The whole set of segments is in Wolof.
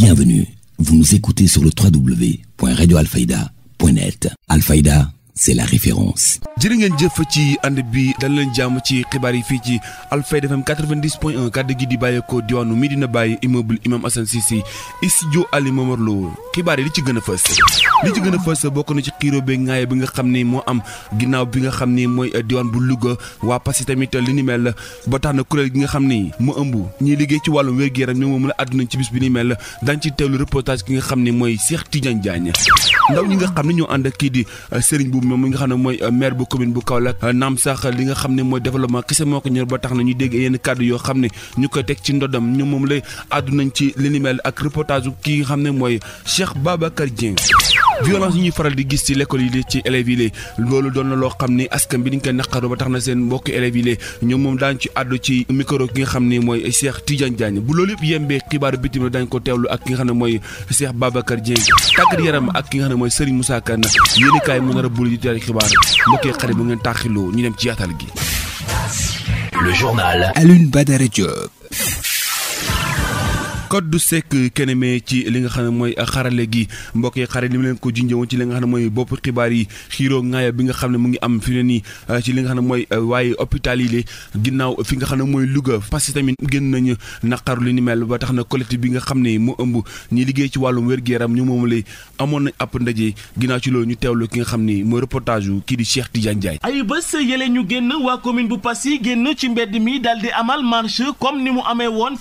bienvenue. Vous nous écoutez sur le www.radioalfaïda.net. Alfaïda, c'est la référence. jërë ngeen jëf ci ànd bi dal leen jàmm ci xibaar yi fii ci Alfayda FM 90 point 1 kàddu gi di bàyyeekoo diwaanu Medina Baye immeuble imam Assane Cissé studio Ali Momar Lo xibaar yi li ci gën a fës li ci gën fës bokk na ci xiiroo be ngaaye bi nga xam ni moo am ginnaaw bi nga xam ni mooy diwaan bu Louga waa Passy tamit li ni mel ba tax na kuréel gi nga xam ni mu ëmb ñuy liggéey ci wàllum wér gu yaram ñoom moom la àdduna ci bis bi ni mel dañ ci teewlu reportage nga xam ne mooy Cheikh Tidiane Diagne ndaw ñi nga xam ne ñoo mi nga xam ne mooy maire commune bu Kaolack naam sax li nga xam ne mooy développement kese moo ko ñor ba tax na ñu dégg yenn kàddu yoo xam ne ñu koy teg ci ndodam ñoom moom lay àddunañ ci li ni mel ak reportage ki nga xam ne mooy Cheikh Babacar Dieng violence yi ñuy faral di gis ci l'école yi ci élèves yi lee loolu doon loo xam ni askan bi dañ koy naqaru ba tax na seen mbokki élèves yi lee ñoom moom daañ ci àddu ci micro ki nga xam ne mooy Cheikh Tidiane Diagne bu loolu yëpp yembee xibaaru bitim la dañ ko teewlu ak ki nga xam ne mooy Cheikh Babacar Dieng tàggat yaram ak ki nga xam ne mooy Serigne Moussa Kane yéeni mu nar a bul di tari xibaar mbokkee xarit bu ngeen tàxiloo ñu dem ci yaatal gi Codou Seck Kenemé ci li nga xam ne mooy xarale gi mbokk yi xarit li mu leen ko junjëwoon ci li nga xam ne mooy bopp xibaar yi xiiroo ngaaya bi nga xam ne mu ngi am fi ne nii eh, eh, na collectif bi nga xam ne mu ëmb ñi liggéey ci wàllum wér-gu-yaram ñu moom lay amoon nañ ab ndaje ginnaaw ci loolu ñu teewlu ki nga xam ne mooy reportage kii di Cheikh Tidiane Ndiaye ni mu amee woon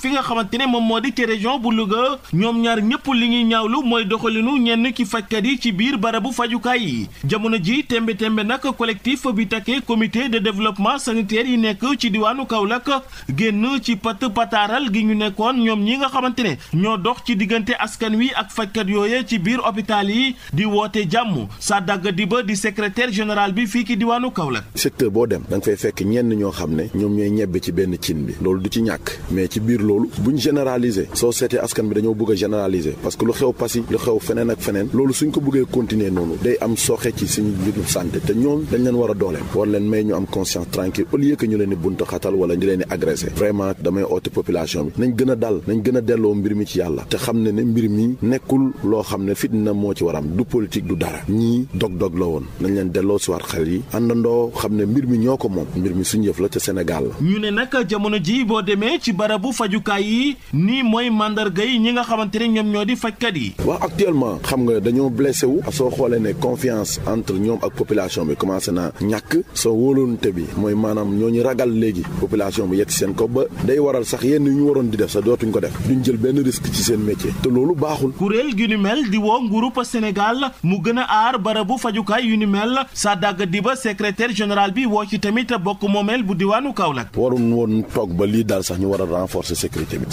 région bu Louga ñoom ñaar ñëpp li ñuy ñaawlu mooy doxalinu ñenn ci fajkat yi ci biir barabu fajukaay yi jamono ji tembe tembe nag collectif bi takkee comité de développement sanitaire yi nekk ci diwaanu Kaolack génn ci pat pataaral gi ñu nekkoon ñoom ñi nga xamante ne ñoo dox ci diggante askan wi ak fajkat yooye ci biir hôpital yi di woote jàmm Sadaga Diba di secrétaire général bi fii ci diwaanu Kaolack. secteur boo dem da nga fay fekk ñenn ñoo xam ne ñoom ñooy ñebbe ci benn cin bi loolu du ci ñàkk mais ci biir loolu généraliser soo a généraliser parce damay oote population bi nañ gën dal nañ gën delloo mbir mi ci yàlla te xam ne ne mbir mi nekkul loo xam ne fitna moo ci waram du politique du dara ñii dog-dog la woon nañ leen delloo si waat xel yi àndandoo xam ne mbir mi ñoo ko moom mbir mi suñu la te Sénégal la ñu ne nag jamono ji boo demee ci barabu fajukaay yi nii mooy mandarga yi ñi nga xamante ne ñoom ñoo di fajkat yi. waaw actuellement xam nga dañoo blessé wu. soo xoolee ne confiance entre ñoom ak population bi commencé naa ñàkk soo wóolonte bi mooy maanaam ñoo ñu ragal léegi population bi yegg seen ko ba day waral sax yenn yu ñu waroon di def sa dootuñ ko def duñ jël benn risque ci seen métier te loolu baaxul. kuréel yu ni mel di woo nguuru Sénégal mu gën a aar barabu fajukaay yu ni mel Sadaga Diba secrétaire général bi woo ci tamit bokk moomeel bu diwaanu Kaolack. waroon woon toog ba lii daal sax ñu war a renforcer sécurité bi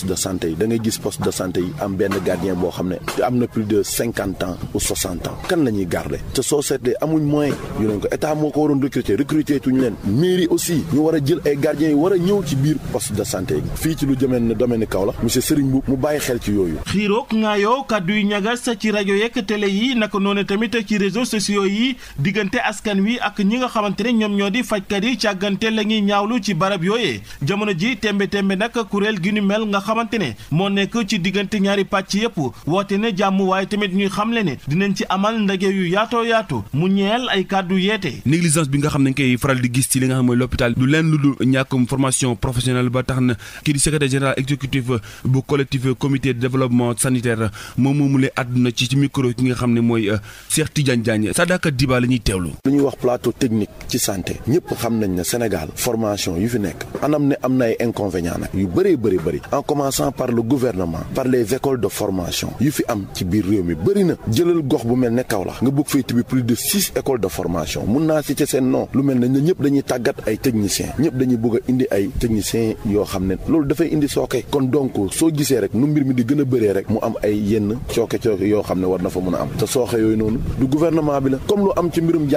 poste de santé yi da ngay gis poste de santé yi am benn gardien boo xam ne am na plus de cinquante ans ou ans kan la ñuy garder soo seetee amuñ moyen ñu leen ko état moo ko waroon recruter recruter tuñu leen mairie aussi ñu war a jël ay gardiens yi war a ñëw ci biir poste de santé yi fii ci lu jëmee ne domaine Kaolack monsieur Serigne Mboup mu bàyyi xel ci yooyu. xiiroog ngaayoo kàddu yu ñagas ci rajo yeeg télé yi naka noonu tamit ci réseaux sociaux yi diggante askan wi ak ñi nga xamante ne ñoom ñoo di fajkat yi càggante la ñuy ñaawlu ci barab yooyee jamono ji tembe tembe nag kuréel gi ñu mel nga xamante ne moo nekk ci diggante ñaari pàcc yëpp woote ne jàmm waaye tamit ñuy xamle ne dinañ ci amal ndaje yu yaato yaatu mu ñeel ay kàddu yeete. négligence bi nga xam ne dañ koy faral di gis ci li nga xam mooy l'hôpital du lenn lu dul ñàkkum formation professionnelle ba tax na kii di secrétaire général exécutif bu collectif comité de développement sanitaire moom moomu àdduna ci ci micro ki nga xam ne mooy euh, Cheikh Tidiane Diagne Sadaka Diba la ñuy teewlu. lu ñuy wax plateau technique ci santé ñëpp xam nañ ne Sénégal formation yu fi nekk anam ne am na ay inconvénients nag yu bëree bëri commençant par les écoles de formation yu fi am ci biir réew mi bëri na jëlal gox bu mel ne Kaolack nga bëgg fay tibbi plus de six écoles de formation mun naa citer seen nom lu mel ne ñun dañuy tàggat ay techniciens ñëpp dañuy bëgg a indi ay techniciens yoo xam ne loolu dafay indi sooke kon donc soo gisee rek nu mbir mi di gën bëree rek mu am ay yenn cooke cooke yoo xam ne war na fa mën a am te sooxe yooyu noonu du gouvernement bi la comme lu am ci mbirum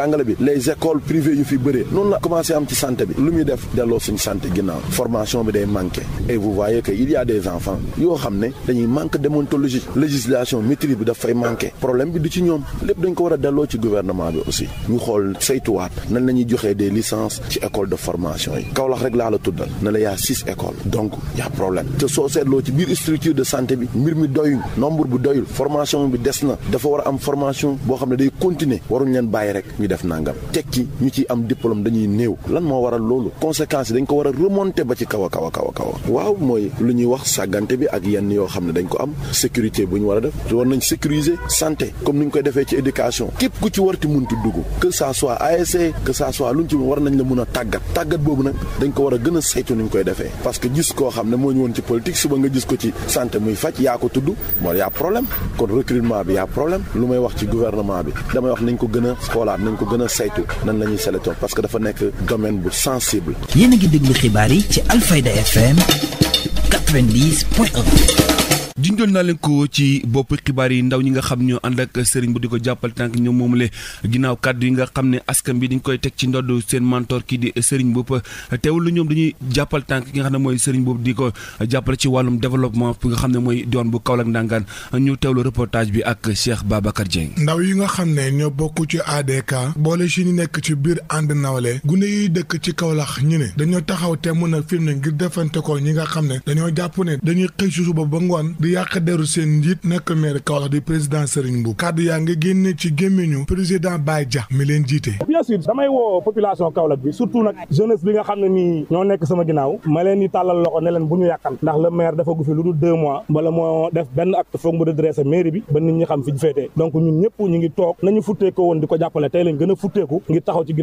a a des yoo xam ne dañuy manque déontologie législation maîtrise bi dafay manqué problème bi du ci ñoom lépp dañ ko war a delloo ci gouvernement bi aussi ñu xool saytuwaat nan la ñuy joxee des licences ci école de formation yi Kaolack rek laa la tuddal ne la yaa six écoles donc y'a problème te soo seetloo ci biir structure de santé bi mbir mi doyul nombre bu doyul formation bi des na dafa war a am formation boo xam ne day continuer waruñ leen bàyyi rek ñu def nangam tekki ñu ciy am diplôme dañuy néew lan moo waral loolu conséquences dañ ko war a remonter ba ci kaw a kaw a kaw a kaw wax sàggante bi ak yenn yoo xam ne dañ ko am sécurité bu ñu war a def war nañ sécuriser santé comme ni ñu koy defee ci éducation képp ku ci war munti dugg que ça soit ASC que ça soit ci war nañ la mun a tàggat tàggat boobu nag dañ ko war a gën a saytu ni ñu koy defee parce que gis koo xam ne moo ñu woon ci politique suba nga gis ko ci santé muy faj yaa ko tudd mooy yaa problème kon recrutement bi yaa problème lu may wax ci gouvernement bi damay wax nañ ko gën a xoolaat nañ ko gën a saytu nan la ñuy sélectionné parce que dafa nekk domaine bu sensible. yéen a ngi yi ci Alfayda 90 point 1 junjoon naa leen ci bopp xibaar yi ndaw ñi nga xam ñoo ànd ak sëriñ bu di ko jàppal tànk ñoom moom le ginnaaw kàddu yi nga xam ne askan bi dañ koy teg ci ndodd seen mentor kii di sëriñ bopp teewul lu ñoom dañuy jàppal tànk ki nga xam ne mooy sëriñ boobu di ko jàppale ci wàllum développement bi nga xam ne mooy doon bu Kaolack ndàngaan ñu teewlu reportage bi ak Cheikh Babacar Dieng ndaw yi nga xam ne ñoo bokk ci ADK boole si ñu nekk ci biir ànd nawle gune yi dëkk ci Kaolack ñu ne dañoo taxaw te mën a film ngir defante ko ñi nga xam ne dañoo jàpp dañuy xëy susu ba ba ngoon di yàq deru seen njiit nekk maire Kaolack di président Serigne Mboup kàddu yaa ngi génne ci gémmiñu président Baye Dia mi leen jiite. bien sûr damay woo population Kaolack bi surtout nag jeunesse bi nga xam ne nii ñoo nekk sama ginnaaw ma leen di tàllal loxo ne leen bu ñu yàqam ndax le maire dafa gu fi lu dul deux mois wala moo def benn acte foog mu redressé mairie bi ba nit ñi xam fi ñu féetee donc ñun ñëpp ñu ngi toog nañu futteeko woon di ko jàppale tey lañ gën a futteeku ngir taxaw ci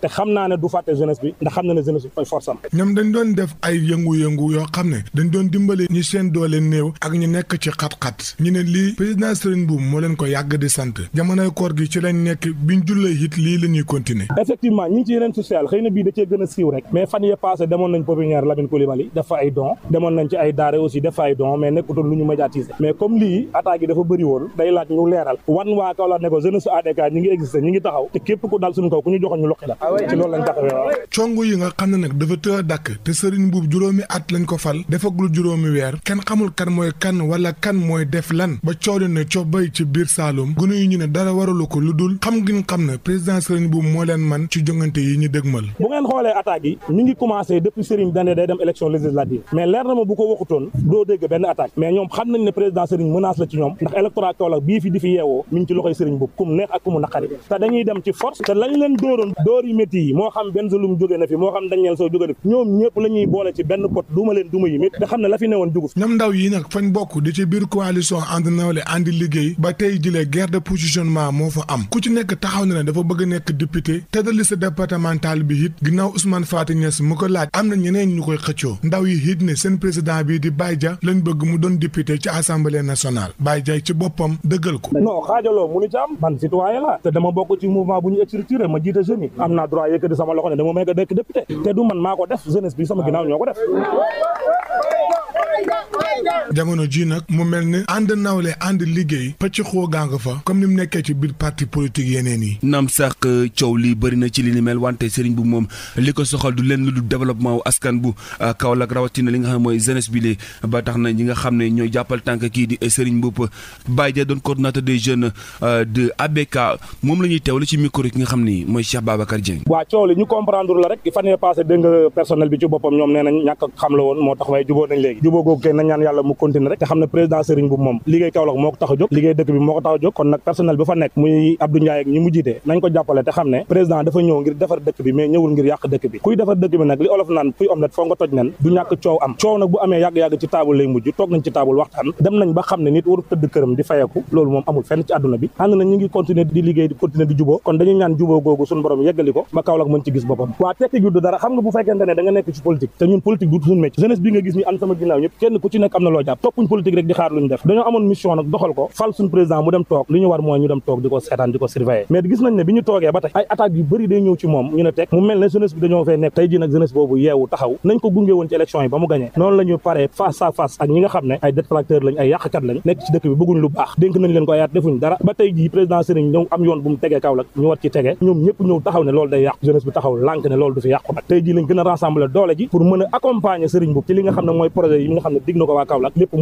te xam naa ne du fàtte jeunesse bi ndax xam na ne jeunesse bi force am def ay yëngu-yëngu yoo xam ne dañ doon dimbali ñi seen doole néew ak ñu nekk ci xat-xat ñu ne lii président Serigne Boum moo leen ko yàgg di sant jamonoy koor gi ci lañ nekk biñ jullee it lii la ñuy continuer effectivement ñu ngi ci yeneen social xëy na bii da cee gën a siiw rek mais fan yee passé demoon nañ pépinière Lamine Coulibaly dafa ay don demoon nañ ci ay daare aussi dafa ay don mais nekkutoon lu ñu médiatiser mais comme lii attaque yi dafa bëri woon day laaj ñu leeral wan waa kaw la ne ko jeunesse ADK kan wala kan mooy def lan ba coow ne coow bay ci biir Saloum gune yi ñu ne dara waralu ko lu dul xam ngeen xam ne président Serigne Boubou moo leen man ci jongante yi ñu dégmal bu ngeen xoolee attaques yi ñu ngi commencé depuis Serigne Dane day dem élection législative mais leer na ma bu ko waxutoon doo dégg benn attaque mais ñoom xam nañ ne président Serigne menace la ci ñoom ndax électorat Kaolack bii fi di fi yeewoo mu neex ci force yi métti yi moo xam benn bañ bokk di ci biir coalition ànd nawle àndi liggéey ba tey jilee guerre de positionnement moo fa am ku ci nekk taxaw na ne dafa bëgg a nekk député te de liste départementale bi it ginnaaw Ousmane Faty Niass mu ko laaj am na ñeneen ñu koy xëccoo ndaw yi it ne seen président bii di Baye Dia lañ bëgg mu doon député ci assemblée nationale Baye Dia ci boppam dëggal ko. non xaajaloo mu ni ci am man citoyen la te dama bokk ci mouvement bu ñu structuré ma jiite jeunes am naa jamono ji nag mu mel ni ànd nawle ànd liggéey pëcc xoo gaa euh, na li ni mel wante sëriñ bu moom li ko soxal du leen lu du développement euh, ba tax euh, de ABK moom la ñuy teewlu ci micro ki nga xam ni mooy Cheikh Babacar Dieng. waa coow li ñu comprendre la rek fan yii passé dégg nga personnel bi ci boppam ñoom nee nañ xam la woon moo tax waaye jubóo nañ léegi jubóo googu kay nañ yàlla mu continuer na rek te xam ne président Serigne bu moom liggéey Kaolack moo ko tax jóg liggéey dëkk bi moo ko tax jóg kon nag personnel bi fa nekk muy Abdou Ndiaye ak ñi mu jiite nañ ko jàppale te xam ne bu amee yàgg-yàgg ci taabul lay mujj toog nañ ci taabul waxtaan dem nañ ba xam ne nit waru tëdd këram di fayeku loolu moom amul fenn ci àdduna bi ànd na ñu ngi continuer di liggéey continuer di juboo kon dañuy ñaan juboo googu suñu borom yeggali ba Kaolack mën ci toppuñ politique rek di xaar lu ñu def dañoo amoon mission nag doxal ko fal suñ président mu dem toog li ñu war mooy ñu dem toog di ko seetaan di ko surveiller yi mu gañee noonu ñu paree face à face ak ñi ko ayaat defuñ mu war mooy projet na ko waa Kaolack lépp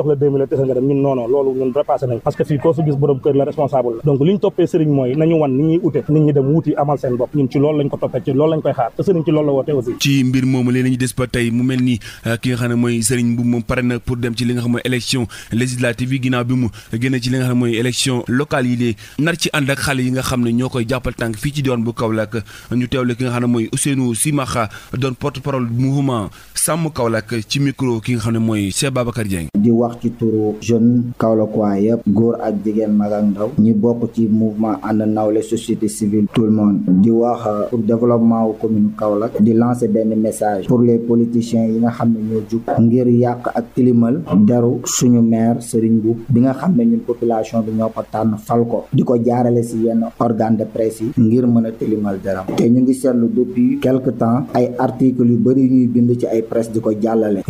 jox la deux mille te ci mbir moomu leen nañu des ba tey mu mel ni euh, ki nga xam ne mooy sëriñ bu moom pare na pour dem ci li nga xam mooy élection législative yi ginnaaw bi mu génne ci li nga xam ne mooy élection locale yi lee nar ci ànd ak xale yi nga xam ne ñoo koy jàppal tànk fii ci diwaan bu Kaolack ñu teewle ki nga xam ne mooy Ousseynou Simakha doon porte parole mouvement sàmm Kaolack ci micro ki nga xam ne mooy Cheikh Babacar Dieng wax ci turu jeune kaolackois yëpp góor ak jigéen mag ak ndaw ñi bokk ci mouvement ànd nawle société civile tout le monde di wax euh, pour développement commune Kaolack di lancer benn message pour les politiciens yi nga xam ne ñoo jug ngir yàq ak tilimal deru suñu maire Serigne bu bi nga xam ne ñun population bi ñoo ko tànn fal ko di ko jaarale si yenn organe de presse yi ngir mën a tilimal deram te ñu ngi seetlu depuis quelque temps ay articles yu bëri ñuy bind ci ay presse di ko jàllale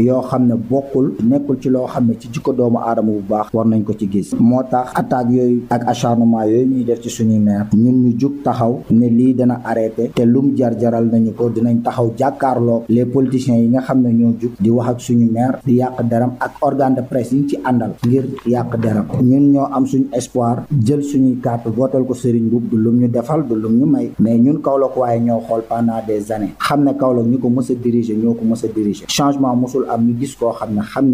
jikko doomu aadama bu baax war nañ ko ci gis moo tax attaques yooyu ak acharnement yooyu ñuy def ci suñuy maire ñun ñu jug taxaw ne lii dana arrêté te lum jar jaral nañu ko dinañ taxaw jàkkaarloo les politiciens yi nga xam ne ñoo jug di wax ak suñu maire di yàq deram ak organe de presse yi ci àndal ngir yàq deram ñun ñoo am suñu espoir jël suñuy carte votal ko Serigne Mboup du lum ñu defal du lum ñu may mais ñun Kaolack waaye ñoo xool pendant des années xam ne Kaolack ñu ko mës a diriger ñoo ko mës a diriger changement mosul am ñu gis koo xam ne xam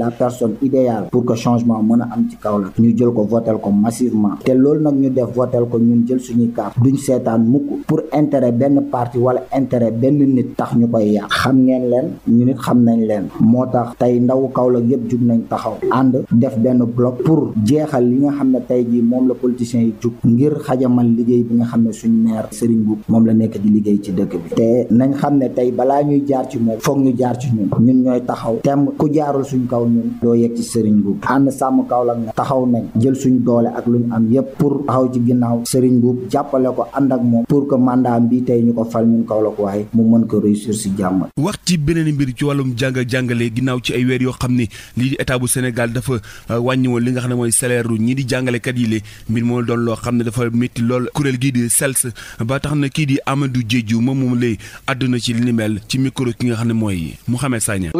la personne idéale pour que changement mën a am ci Kaolack ñu jël ko votel ko massivement te loolu nag ñu def votel ko ñun jël suñuy carte duñ seetaan mukk pour intérêt benn parti wala intérêt benn nit tax ñu koy yàq xam ngeen leen ñu nit xam nañ leen moo tax tey ndawu Kaolack yëpp jub nañ taxaw ànd def benn bloc pour jeexal li nga xam ne tey jii moom la politiciens yi jug ngir xajamal liggéey bi nga xam ne suñu maire Serigne Mboup moom la nekk di liggéey ci dëkk bi te nañ xam ne tey balaa ñuy jaar ci foog ñu jaar ci ñun taxaw ñun doo yegg ci Serigne Mboup ànd sàmm Kaolack nag taxaw nañ jël suñu doole ak lu ñu am yépp pour taxaw ci ginnaaw Serigne Mboup jàppale ko ànd ak moom pour que mandat bi tey ñu ko fal ñun Kaolack waaye mu mën ko réussir si jàmm. wax ci beneen mbir ci wàllum jàng jàngale ginnaaw ci ay weer yoo xam ne lii di état bu Sénégal dafa euh, wàññi woon li nga xam ne mooy salaire ru ñii di jàngalekat yi le mbir moo doon loo xam ne dafa métti lool kuréel gii di SELS ba tax na kii di Amadou Diédhiou moom moom lay àdduna ci li ci micro ki nga xam ne mooy Mouhamed Sagna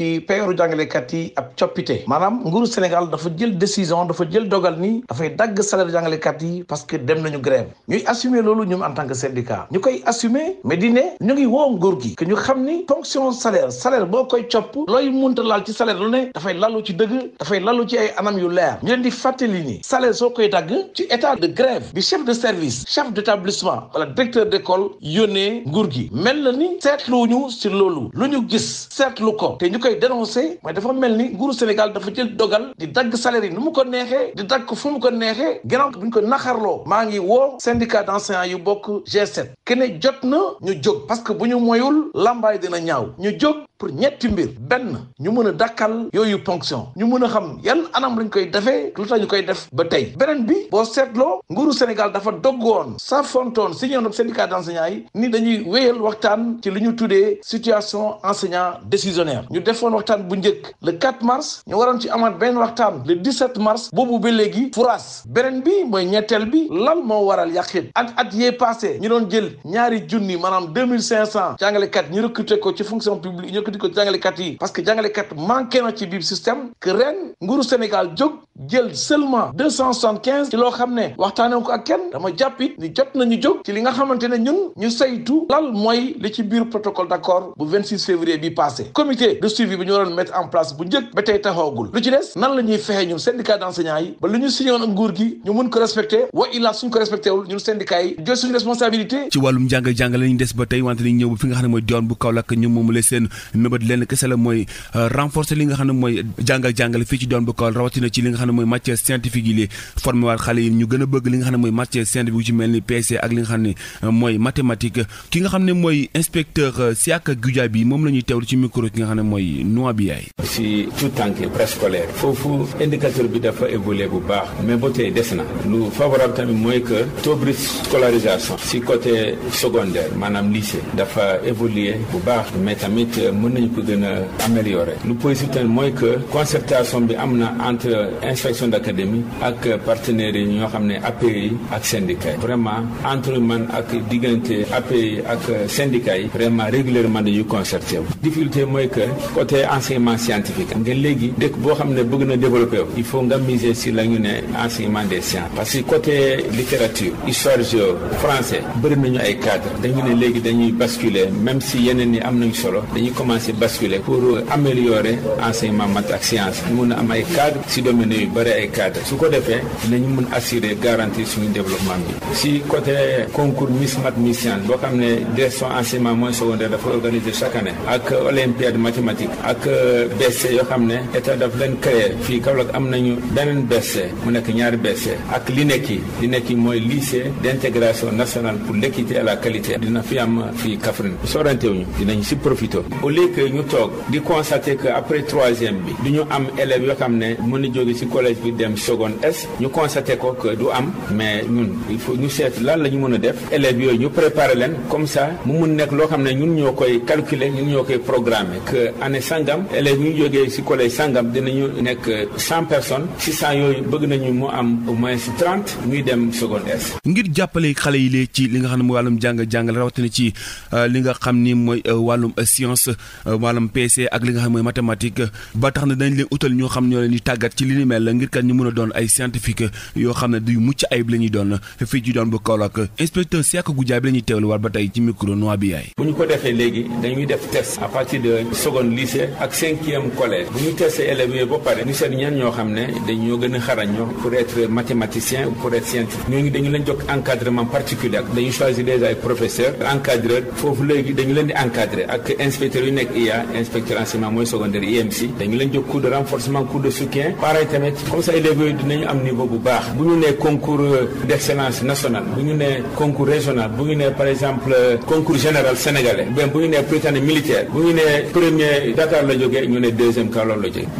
ci peyooru jàngalekat yi ab coppite maanaam nguuru Sénégal dafa jël décision dafa jël dogal ni dafay dagg salaire jàngalekat yi parce que dem nañu grève ñuy assumer loolu ñun en tant que syndicat ñu koy assumer mais di ne ñu ngi woo nguur gi que ñu xam ni fonction salaire salaire boo koy copp looy munta laal ci salaire lu ne dafay lalu ci dëgg dafay lalu ci ay anam yu leer ñu leen di fàttali ni salaire soo koy dagg ci état de grève bi chef de service chef d'établissement wala directeur d'école yónnee nguur gi mel na ni seetluwuñu si loolu lu ñu gis seetlu koy dénoncé mooy dafa mel ni nguuru Sénégal dafa jël dogal di dagg salaire nu mu ko neexee di dagg fu mu ko neexee gannaaw bu ñu ko naxarloo maa ngi woo syndicat d'enseignants yu bokk G7 jot na ñu jóg parce que bu ñu moyul lambaay dina ñaaw ñu jóg pour ñetti mbir benn ñu mën a dakkal yooyu ponction ñu mën a xam yan anam lañ koy defee lu tax ñu koy def ba tey beneen bi boo seetloo nguuru Sénégal dafa doggoon sa fontoon si ñoom syndicat d'enseignants yi ni dañuy wéyal waxtaan ci li ñu tuddee situation enseignant décisionnaire defoon waxtaan bu njëkk le mars ñu waroon ci amaat benn waxtaan le 17 mars boobu ba léegi furaas beneen bi mooy ñetteel bi lan moo waral yàqit ak at yee passé ñu doon jël ñaari junni maanaam 2500 jàngalekat ñu recruté ko ci fonction publique ñu recruté ko ci jàngalekat yi parce que jàngalekat manqué na ci biir système que ren nguuru Sénégal jóg jël seulement deux cent soixante quinze ci loo xam ne waxtaanee ko ak kenn dama jàpp it ni jot nañu jóg ci li nga xamante ne ñun ñu saytu lal mooy li ci biir protocole d'accord bu février bi passé comité de suivi bi ñu waroon mettre en place bu njëkk ba tey taxawagul lu ci des nan la fexe ñun syndicat d'enseignants yi ba lu ñu signé woon nguur gi ñu mun ko respecté wa illaa suñ ko respecté wul ñun syndicat yi jël suñu responsabilité. ci wàllum njàng jàng lañu des ba tey wante ne mooy diwaan bu Kaolack ñoom moomu la seen mébét lenn kese la euh, ne mooy jàngal jàngale fii ci diwaan bu ne mooy matière scientifique ne mooy matière scientifique yu ci mel ni PC ak li nga xam ne euh, mooy mathématique ki nga xam ne mooy euh, bi yaay si tout foofu indicateur bi dafa évolué bu baax mais ba tey des na lu favorable tamit mooy que taux de scolarisation si côté secondaire maanaam lycée dafa évolué bu baax mais tamit euh, mën nañu ko gën a lu positif tamit mooy que concertation bi am na entre inspection d' académie ak partenaires yi ñoo xam ne API ak syndicat vraiment entre man ak diggante API ak syndicat yi vraiment régulièrement dañuy concerté wu difficulté mooy que côté enseignement scientifique nga léegi dëkk boo xam ne bëgg na développé wu il faut nga miser si la ñu ne enseignement des sciences parce que côté littérature histoire géo français bëri nañu ay cadre dañu ne léegi dañuy basculer même si yeneen yi am nañu solo dañuy commencé basculer pour am ay cadre si domaine bëri ay cadre su ko defee dinañu mën assurer garantie suñu développement bi si côté concours Miss Math Miss Science boo xam ne direction enseignement moyen secondaire dafa organiser chaque année ak olympiade mathématique ak euh, BC yoo xam ne état daf leen créé fii Kaolack am nañu beneen BC mu nekk ñaari BC ak l'INECI l'INECI mooy lycée d'intégration nationale pour l'équité et la qualité dina fi am fii Kaffrine sorantewuñu dinañ si profité au lieu ñu toog di constater que après troisième bi du ñu a jóge collège bi dem seconde S ñu constaté ko que du am mais ñun il faut ñu seet lan la ñu mën a def élèves yooyu ñu préparer leen comme ça mu mun nekk loo xam ne ñun ñoo koy calculer ñun ñoo koy programmer que année sangam élèves yu ñu jógee si collège sangam dinañu nekk cent personnes si cent yooyu bëgg nañu mu am au moins trente ñuy dem seconde S. ngir jàppale xale yi lee ci li nga xam ne mu wàllum jàng jàngale rawatina ci euh, li nga xam ni mooy euh, wàllum euh, science wàllum PC ak li nga xam mel ngir kan ñu mën doon ay scientifique yoo xam ne du mucc ayib la ñuy doon fii ci doon bu Kaolack inspecteur Siaka Goudiaye bi la ñuy teewlu war ba tey ci micro noa bi yaay. bu ñu ko defee léegi dañuy def test à partir de seconde lycée ak cinquième collège bu ñu testee élèves yooyu ba pare ñu ñan ñoo xam ne dañoo gën a xarañ ñoo pour être mathématicien pour être scientifique ñooñu dañu leen jox encadrement particulier dañu choisir déjà ay professeur encadreur foofu léegi dañu leen di encadrer ak inspecteurs yu nekk IA mooy secondaire IMC dañu leen jox cours de renforcement cours de soutien pareil tamit rek comme ça élèves yooyu dinañu am niveau bu baax bu ñu nee concours euh, d'excellence nationale bu bu ñu nee par exemple euh, concours général sénégalais bien bu bu ñu nee premier Dakar la jógee ñu ne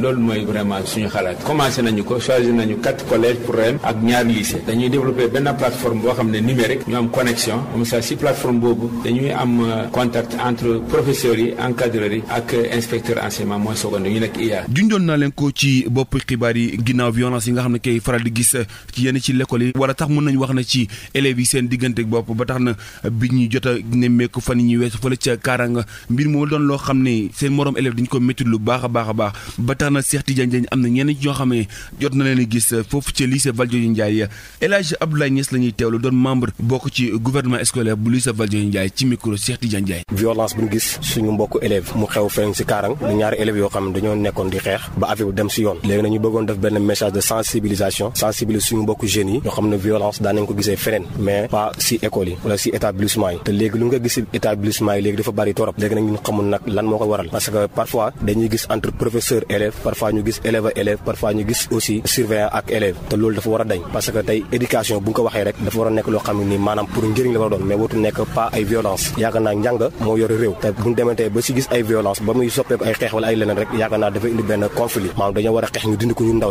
loolu mooy vraiment suñu xalaat commencé nañu ko choisir nañu quatre collèges pour ren ak ñaar lycée dañuy développer benn plateforme boo xam ne numérique ñu am connexion comme ça si plateforme boobu dañuy am euh, contact entre professeurs yi encadreurs yi ak inspecteur enseignement mooy secondaire ñu nekk IA junjoon naa leen ko ci bopp xibaar yi ginnaaw violence yi nga xam ne kay faral di gis eh, ci yenn ci l'école yi wala tax mën nañu wax na ci élèves yi seen diggante bopp ba tax na bi ñu jot a nemmeeku fan yi ñuy weesu fële ca kaaranga mbir moom doon loo xam ne seen moroom élève dañu ko métti lu baax a baax a baax ba tax na Cheikh Tidiane Diagne am na ñenn ñoo xam ne jot na leen gis foofu ca lycée Valdiodio Ndiaye El Hadj Abdoulaye Niass la ñuy teewlu doon membre bokk ci gouvernement scolaire bu lycée Valdiodio Ndiaye ci micro Cheikh Tidiane Diagne violence bu ñu gis suñu mbokku élève mu xew feneen si kaarang ñaari élèves yoo xam ne dañoo nekkoon di xeex ba affaire bi dem message de sensibilisation sensibiliser suñu mbokk jeunes yi ñoo xam ne violence daan ko gisee feneen mais pas si école yi wala si établissement yi te léegi lu nga gis si yi léegi dafa bari torop léegi nag ñun xamul nag lan moo ko waral parce que parfois dañuy gis entre professeur élève parfois ñu gis élève a parfois ñu gis aussi surveillant ak élève te loolu dafa war dañ parce que tey éducation bu ñu waxee rek dafa war a nekk loo xam ne la a doon mais wootu a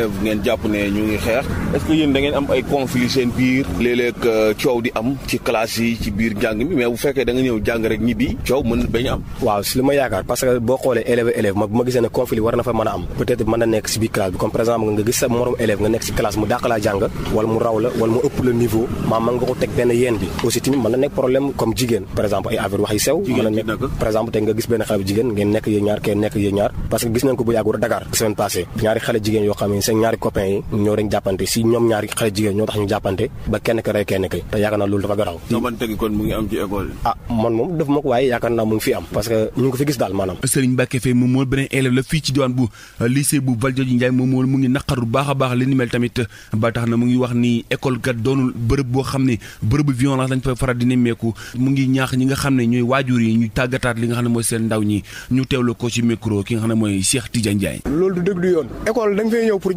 grève ngeen jàpp ne ñu ngi xeex est-ce que am ay conflit seen biir léeg-léeg euh, coow di am ci classe yi ci biir jàng mi mais bu fekkee da ñëw jàng rek ñibbi coow mën bañ am waaw si li ma yaakaar parce que boo xoolee élève élève ma ma gisee ne conflit war na fa mën a am peut-être mën na nekk si biir classe bi comme par exemple nga gis sa morom nga nekk si classe mu dàq laa jàng wala mu raw la wala mu ëpp la niveau maam nga ko teg benn yéen seen ñaari copains yi ñoo dañ jàppante si ñoom ñaari xale jigéen ñoo tax ñu jàppante ba kenn ka rey kenn ki te yaakaar naa loolu dafa garaw jobante gi kon mu ngi am ci école ah man moom def ma ko waaye yaakaar naa mu ngi fi am parce que ñu ngi ko fi gis daal maanaam Serigne Mbacke Faye moom moo beneen élève la fii ci diwaan bu euh, lycée bu Valdiodio Ndiaye moom moo mu ngi naqaru baax a baax li ni mel tamit ba tax na mu ngi wax ni école kat doonul bërëb boo xam ne bërëbu violence lañ fa faral di nemmeeku mu ngi ñaax ñi nga xam ne ñooy waajur yi ñu tàggataat li nga xam ne mooy seen ndaw ñi ñu teewlu ko ci micro ki nga xam ne mooy Cheikh Tidiane Ndiaye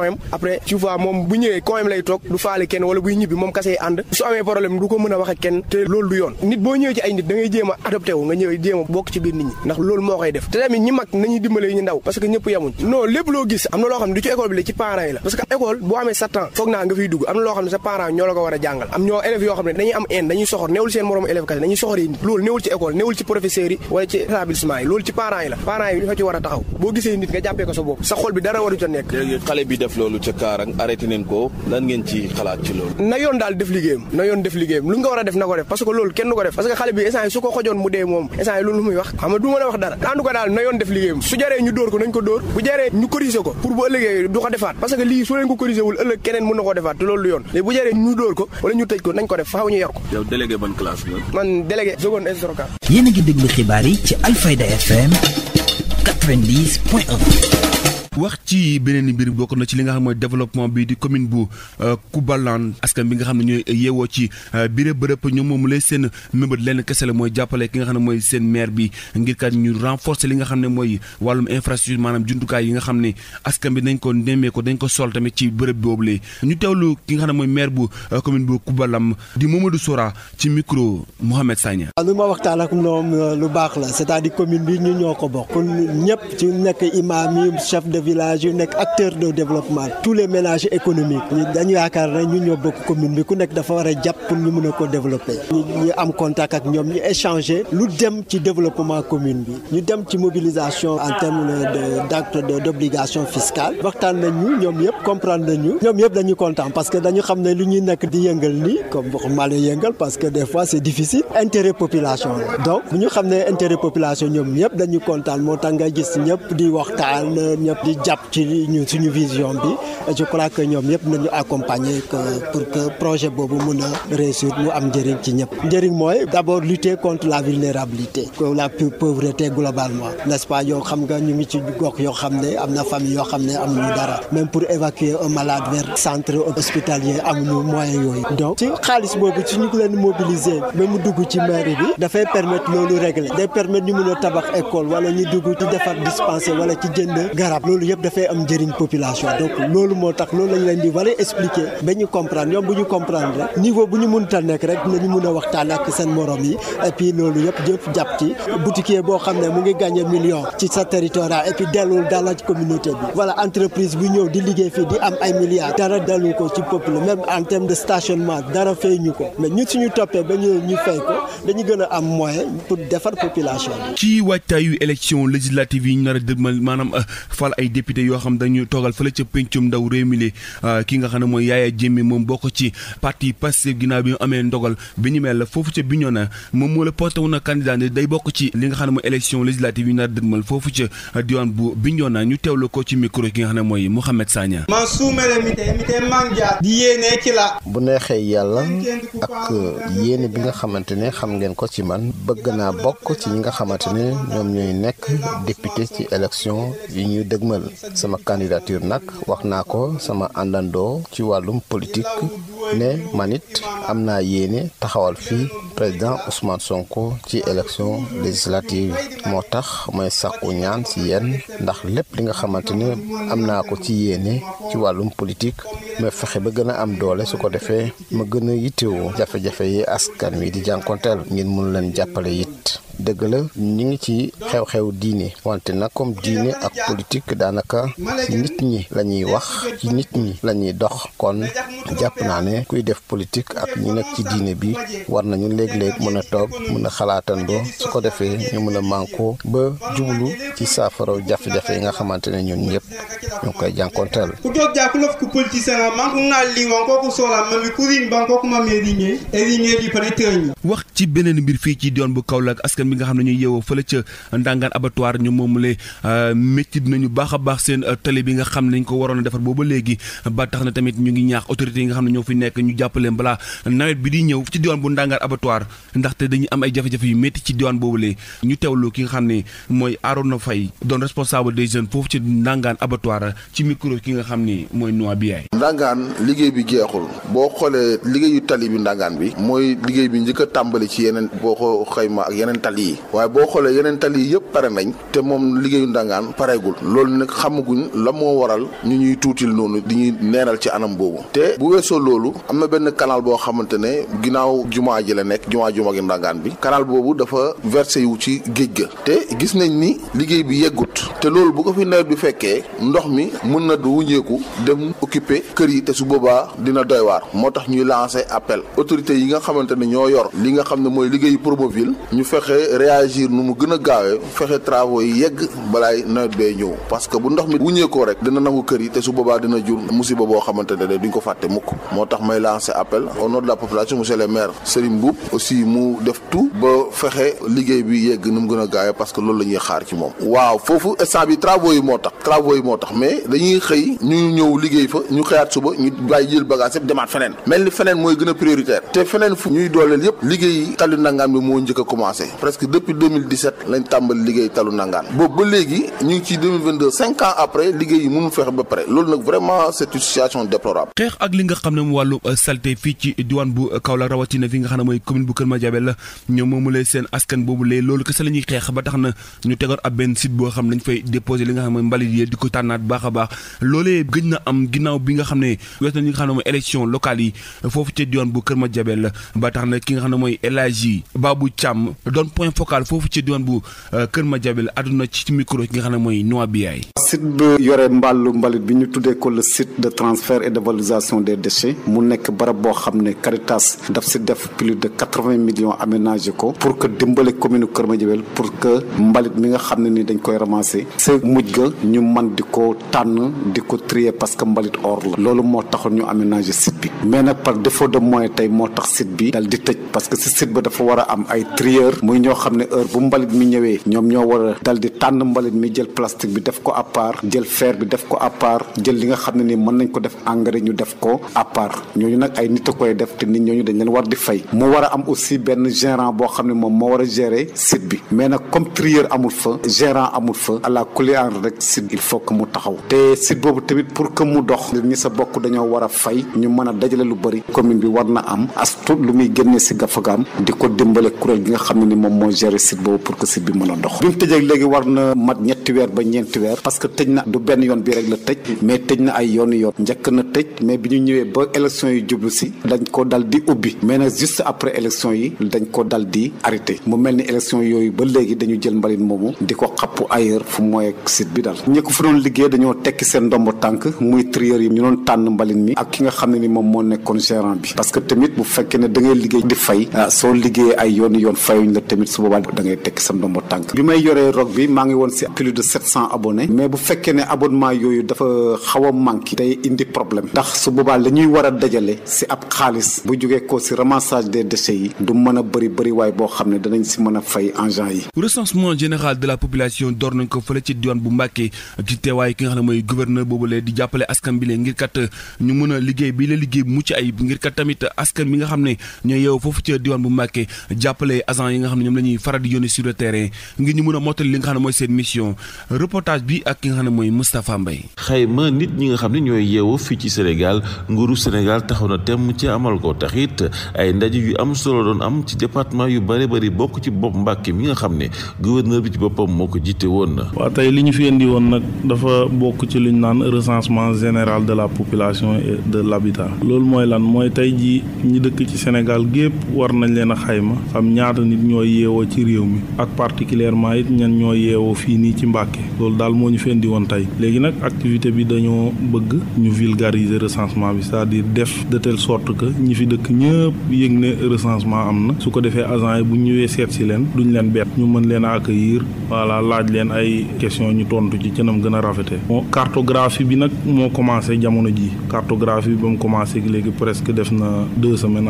coin après tu vois moom bu ñëwee coin lay toog du faale kenn wala buy ñibbi moom kasey ànd su amee problème du ko mën a wax ak kenn te loolu du yoon nit boo ñëwee ci ay nit da ngay jéem a nga ñëwee jéem a ci biir nit ñi ndax loolu moo koy def te tamit ñi mag nañuy dimbale ñu ndaw parce ñoo la ko war a jàngal am ñoo élèves yoo xam ne dañuy am haine dañuy soxor neewul seen moroom élève kase dañuy soxor yi nit loolu neewul ci ci professeurs yi wala ci établissement loolu ca Kaarang arrêté neen ko lan ngeen ci xalaat ci loolu. na yoon daal def liggéeyam na yoon def liggéeyam lu nga war a def na ko def parce que loolu kenn ko def parce xale bi instant yi su ko xojoon mu dee moom instant yi loolu muy wax xam nga du mën wax dara en tout cas daal na yoon def liggéeyam su jaree ñu dóor ko nañ ko dóor bu jaree ñu corriger ko pour bu ëllëgee du ko defaat parce lii su leen ko corriger ëllëg keneen mën na ko defaat te loolu a ngi déglu xibaar yi ci Alfayda wax ci beneen mbir bokk na ci li nga xam mooy développement bi di commune bu euh, Koubalan askan bi nga xam ne ñooy yeewoo ci euh, biir bërëb ñoom moom lay seen mëbët lenn kese la mooy jàppale ki nga xam ne mooy li nga xam ne mooy wàllum infrastructure maanaam jumtukaay yi nga xam ne askan bi dañ ko ndemee ko dañ ko sol tamit ci bërëb boobu la ñu teewlu ki nga xam ne mooy maire bu euh, commune bu Koubalam di Mamadou Sora ci micro Mohamed Sagna. Ah, la cest à bi ñu ñoo ko village yu nekk acteur de développement tous les ménages économiques dañu yaakaar ne ñoo bokk commune bi ku nekk dafa war a jàpp pour ñu a ko développer ñu dem ci mobilisation en termes de d'acte d'obligation fiscale waxtaan nañu ñoom yëpp comprendre nañu ñoom yëpp dañu content parce que dañu xam ne lu ñuy nekk di yëngal nii comme waxuma yëngal parce que des c'est difficile intérêt population donc bu ñu xam ne intérêt population ñoom yëpp dañu kontaan ci jàpp ci ñun suñu vision bi je crois que ñoom yëpp nañu accompagner pour que projet boobu mun a réussir mu am njëriñ ci ñëpp njëriñ mooy d'abord lutter contre la vulnérabilité la pauvreté globalement nest yoo xam nga ñu ngi ci gox yoo xam ne am na famille yoo xam ne amuñu dara même pour évacuer un malade vers centre hospitalier amuñu moyen yooyu donc ci xaalis boobu ci ñu ko leen mobiliser ba mu dugg ci mairie bi dafay permettre loolu régler day permettre ñu mun a loolu yëpp dafay am njëriñ population donc loolu moo tax loolu lañ leen di war a expliquer ba ñu comprendre ñoom bu ñu comprendre rek niveau bu ñu mënta nekk rek dinañu mën a waxtaan ak seen moroom yi et puis loolu yëpp jëpp jàpp ci boutiquier boo xam ne mu ngi gagné million ci sa territoire et puis dellul dala ci communauté bi voilà entreprise bu ñëw di liggéey fii di am ay milliards dara dellu ko ci peuple même en terme de stationnement dara fay ñu ko mais ñun suñu toppee ba ñu ñu fay ko dañu gën a am moyen pour defar population bi. ci waajtaayu élection législative yi ñu a dëgmal maanaam euh, ay député yoo xam dañu toogal fële ca pencum ndaw réew mi euh, ki nga xam ne mooy Yaya Jammeh moom bokk ci parti Pastef ginnaaw bi amee ndogal bi ñu mel la foofu ca Bignona moom moo la porté wu na candidat ne day bokk ci li nga xam ne mooy élection législative yi nar dëtmal foofu euh, ñu teewlu ko ci micro ki nga xam ne mooy Mouhamed di yéenee ci la bu neexee yàlla ak euh, yéene bi nga xamante ne xam ngeen ko ci man bëgg naa bokk ci ñi nga xamante ne ñoom ñooy nekk député ci élection yi ñuy dëgmal sama candidature nag wax naa ko sama àndandoo ci wàllum politique ne man it am naa yéene taxawal fii président Ousmane Sonko ci élection législative moo tax may sàkku ñaan si yéen ndax lépp li nga xamante ne am naa ko ci yéene ci wàllum politique ma fexe ba gën a am doole su ko defee ma gën a yittewoo jafe-jafe yi askan wi di jànkonteel ngeen mun leen jàppale it dëgg la ñu ngi ci xew-xew diine wante nag comme diine ak politik daanaka nit ñi lañuy wax ci nit ñi lañuy dox kon jàpp naa ne kuy def politik ak ñu nekk ci diine bi war nañu léeg-léeg mën a toog mën a xalaatandoo su ko defee ñu mën a mànkoo ba jublu ci saafara jafe-jafe yi nga xamante ne ñun ñëpp ñu koy jànkonteel. wax ci beneen mbir fii ci doon bu Kaolack askan mi nga xam ne ñuy yeewoo fële ca ndàngaan abattoir ñu moomule euh, métti dinañu baax a baax seen euh, tali bi nga xam ne ñu ko waroon a defar booba léegi ba tax na tamit ñu ngi ñaax autorités nga xam ne ñoo fi nekk ñu jàppaleen balaa nawet bi di ñëw ci diwaan bu ndàngaan abattoir ndaxte dañuy am ay jafe-jafe yu métti ci diwaan boobulee ñu teewlu ki nga xam ne mooy Arona Faye doon responsable des jeunes foofu ci ndàngaan abattoir ci micro ki nga xam ni mooy noa bi yaay ndàngaan bi jeexul boo xoolee liggéeyu tali bi ndàngaan bi bi njëkk a tàmbali ci yeneen boo tali yi waaye boo xoolee yeneen tali yi yëpp pare nañ te moom liggéeyu ndangaan pareegul loolu nag xamaguñ la moo waral ñu ñuy tuutil noonu di ñuy neenal ci anam boobu te bu weesoo loolu am na benn canal boo xamante ne ginnaaw jumaa ji la nekk jumaa ju magi ndangaan bi canal boobu dafa versé yu ci géej ga te gis nañ ni liggéey bi yeggut te loolu bu ko fi nawet bi fekkee ndox mi mën na du wuñeeku dem occuper kër yi te su boobaa dina doy waar moo tax ñuy lancé appel autorités yi nga xamante ne ñoo yor li nga xam ne mooy liggéeyu Promoville ñu fexe réagir nu mu gën a gaawee fexe travaux yi yegg balaay nawet bee ñëw parce que bu ndox mi wuññeekoo rek dina nangu kër yi te su boobaa dina jur musiba boo xamante ne duñ ko fàtte mukk moo tax may lancer appel au nom de la population maire Serigne Mboup aussi mu def tout ba fexe liggéey bi yegg nu mu gën a gaawee parce que loolu la ñuy xaar ci moom waaw foofu instant bi yi moo tax travaux yi moo tax mais dañuy xëy ñu ñëw liggéey fa ñu xëyaat su ñu bàyyi jël bagage yëpp demaat feneen mel ni feneen mooy gën a prioritaire te feneen fu ñuy dooleel yëpp liggéey tali nangaan bi moo njëkk a presque depuis 2017 lañ tàmbali liggéey talu nangaan boobu ba léegi ñu ci ans après liggéey yi mënul fexe ba pare loolu nag vraiment c'est situation déplorable. xeex ak li nga xam ne mu wàllu euh, salté fii ci diwaan bu euh, Kaolack rawatina fi nga xam ne mooy commune bu Kër Madiabel la ñoom moomu lay seen askan boobu lee loolu kese la xeex ba tax na ñu tegoon ab benn site boo xam ne dañ fay déposer li nga xam ne mbalit yi di ko tànnaat baax a baax loolee gëj na xam ne wees na ñi nga point focal foofu ci diwaan bu euh, Kër Madiabel àdduna ci micro ki nga xam ne mooy Noa Biaye. site bu yore mbàllu mbalit bi ñu tuddee ko le site de transfert et de valorisation des déchets mu nekk barab boo xam ne Caritas daf si def plus de quatre-vingts millions aménagé ko pour que dimbale commune Kër Madiabel pour que mbalit mi nga xam ne ni dañ koy ramasser sa mujj ga ñu man di ko tànn di ko trier parce que mbalit or la loolu moo taxoon ñu aménager site nag par défaut tax site bi ñoo xam ne heure bu mbalit mi ñëwee ñoom ñoo war a dal di tànn mbalit mi jël plastique bi def ko à part jël fer bi def ko à part jël li nga xam ne ni mën nañ ko def engrais ñu def ko à ñoo ñu nag ay nit a koy def te nit ñooñu dañ leen war di fay mu war a am aussi benn gérant boo xam ne moom moo war a gérer site bi mais nag comme trieur amul fa gérant amul fa àla kulian rek site il faut que mu taxaw te site boobu tamit pour que mu dox ñi sa bokk dañoo war a fay ñu mën a dajale lu bëri commune bi war na am as tuut muy génnee si gafagaam moo gérer site boobu pour que site bi mën a dox bi mu tëjee léegi war na mat ñetti weer ba ñeenti weer parce que tëj na du benn yoon bi rek la tëj mais tëj na ay yoon yoon njëkk mais bi ñu ñëwee ba élection yi jublu si dañ ko dal di ubbi mais nag juste après élection yi dañ ko dal di arrêté mu mel ni élection yooyu ba léegi dañu jël mbalit moomu di ko xappu ailleurs fu mooy ak site bi dal ñi ko fa doon liggéey dañoo tekki seen ndombo tànk muy trieur yi ñu doon tànn mbalit mi ak ki nga xam ne ni moom moo nekkoon gérant bi parce tamit bu fekkee ne da ngay liggéey di fay ah, soo liggéeyee ay yoon yoon fayuñ su boobaa da ngay tekk sa ndombo tànk bi may yoree rog bi maa ngi woon si plus de 700 abonnés mais bu fekkee ne abonnement yooyu dafa xaw a manqué day indi problème ndax su boobaa la ñuy war a dajale si ab xaalis bu jógee ko si ramassage des déchets yi du mën a bari bëri waaye boo xam ne danañ si mën a fay engins yi recensement général de la population door nañ ko fële ci diwaan bu Mbàkke ci teewaay ki nga xam ne mooy gouverneur boobu lee di jàppale askan bi lee ngir kat ñu mën a liggéey bi la liggéey bu mucc ayib bi nga xam ne ñooy yeewu foofu ci diwaan bu Mbàkke jàppale agent la ñuy faral di yónnee sur le terrain ngir ñu mën mottali li nga xam ne mooy seen mission reportage bi ak nga xam ne mooy Moustapha Mbaye xayma nit ñi nga xam ne ñooy yeewu fii ci Sénégal nguuru Sénégal taxaw na temm ci amal ko taxit ay ndaje yu am solo doon am ci département yu bëri bëri bokk ci bopp Mbàkke mi nga xam ne gouverneur bi ci boppam moo ko jiite woon na waaw tey li ñu fi indi woon nag dafa bokk ci li ñu naan recensement général de la population et de l'habitat loolu mooy lan mooy tey ji ñi dëkk ci Sénégal gépp yeewoo ci réew mi ak particulièrement it ñan ñoo yeewoo fii nii ci Mbàkke loolu daal moo ñu feen di woon tey léegi nag activité bi dañoo bëgg ñu vulgariser recensement bi cest à def de tele sorte que ñi fi dëkk ñëpp yëg ne recensement am na su ko defee agent yi bu ñu ñëwee seet si leen duñ leen beet ñu mën leen a accueillir voilà laaj leen ay question ñu tontu ci cënam gën a rafetee moo cartographie bi nag moo commencé jamono ji cartographie bi ba mu commencé léegi presque def na deux semaines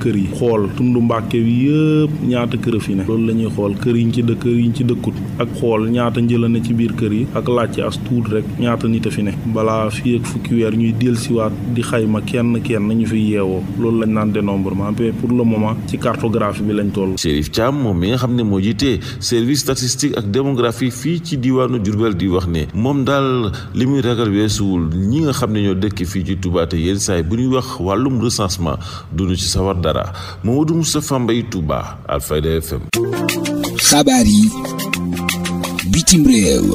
kër yi xool tundu mbàkke bi yëpp ñaata kër fi ne loolu la ñuy xool kër yiñ ci dëkk kër yiñ ci dëkkut ak xool ñaata njëla ne ci biir kër yi ak laajte as tuut rek ñaata nit a fi ne balaa fi ak fukki weer ñuy delsiwaat di xayma kenn kenn ñu fi yeewoo loolu lañ naan dénombrement mais pour le moment ci cartographie bi lañ toll. Chérif Thiam moom mi nga xam ne moo jiitee service statistique ak démographie fii ci diwaanu Diourbel di wax ne moom daal li muy ragal weesuwul ñi nga xam ne ñoo dëkk fii ci Touba te yenn saa bu ñuy wax wàllum recensement duñu ci sawar dara Mamadou Moustapha Mbaye Touba Alfayda FM xabaar yi bitim réew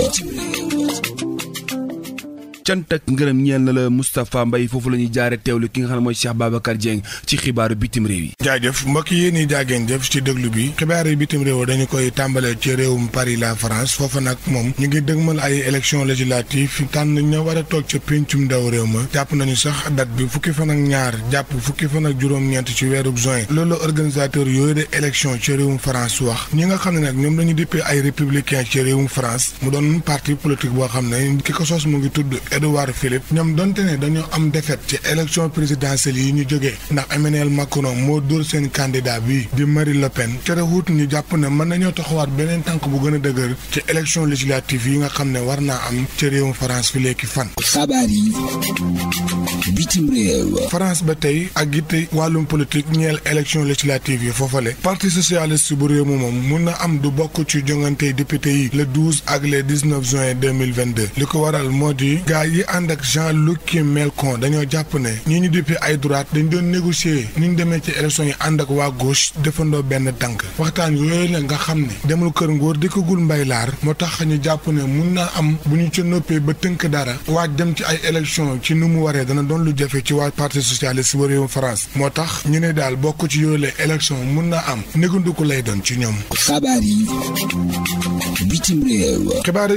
cant ak ngërëm ñeel na la Moustapha Mbaye foofu la ñuy jaare teewlu ki nga xam ne mooy Cheikh Babacar Dieng ci xibaaru bitim réew yi jaajëf mbokk yéen ñi jaageen jëf ci déglu bi xibaaru bitim réew dañu koy tàmbalee ci réewum Paris la France foofa nag moom ñu ngi dëgmal ay élection législative tànn ña war a toog ca péncum ndaw réew ma jàpp nañu sax date bi fukki fan ak ñaar jàpp fukki fan ak juróom-ñeent ci weeru juin loolu organisateur yooyu de élection ci réewum France wax ñi nga xam ne nag ñoom lañu dippee ay républicain ci réewum France mu doon parti boo xam ne ki ko mu ngi tudd Edouard Philippe ñoom donte ne dañoo am défaite ci élection présidentielle yi ñu jógee ndax Emmanuel Macron moo dóor seen candidat bi di Marie Le Pen terewut ñu jàpp ne mën nañoo taxawaat beneen tànk bu gën a dëgër ci élection législative yi nga xam ne war naa am ci réewum France fi léegi fan. xabaar yi bitim réew. France ba tey ak it wàllum politique ñeel élection législative yi foofale parti socialiste bu réew mi moom mun na am du bokk ci jongante député le 12 ak le 19 juin 2022 li ko waral moo di yi ànd ak Jean-Luc Mélenchon dañoo jàpp ne ñi ñu duppee ay droite dañ doon négocier ni ñu demee ci élection yi ànd ak waa gauche defandoo benn tànk waxtaan yooyu la nga xam ne demul kër ngóor dikkagul mbay laar moo tax ñu jàpp ne mun naa am bu ñu ca noppee ba tënk dara waa dem ci ay élection ci ni mu waree dana doon lu jafe ci waa parti socialiste bu réewum France moo tax ñu ne daal bokk ci yooyu la élection mun naa am néganduku lay doon ci ñoom. xabaar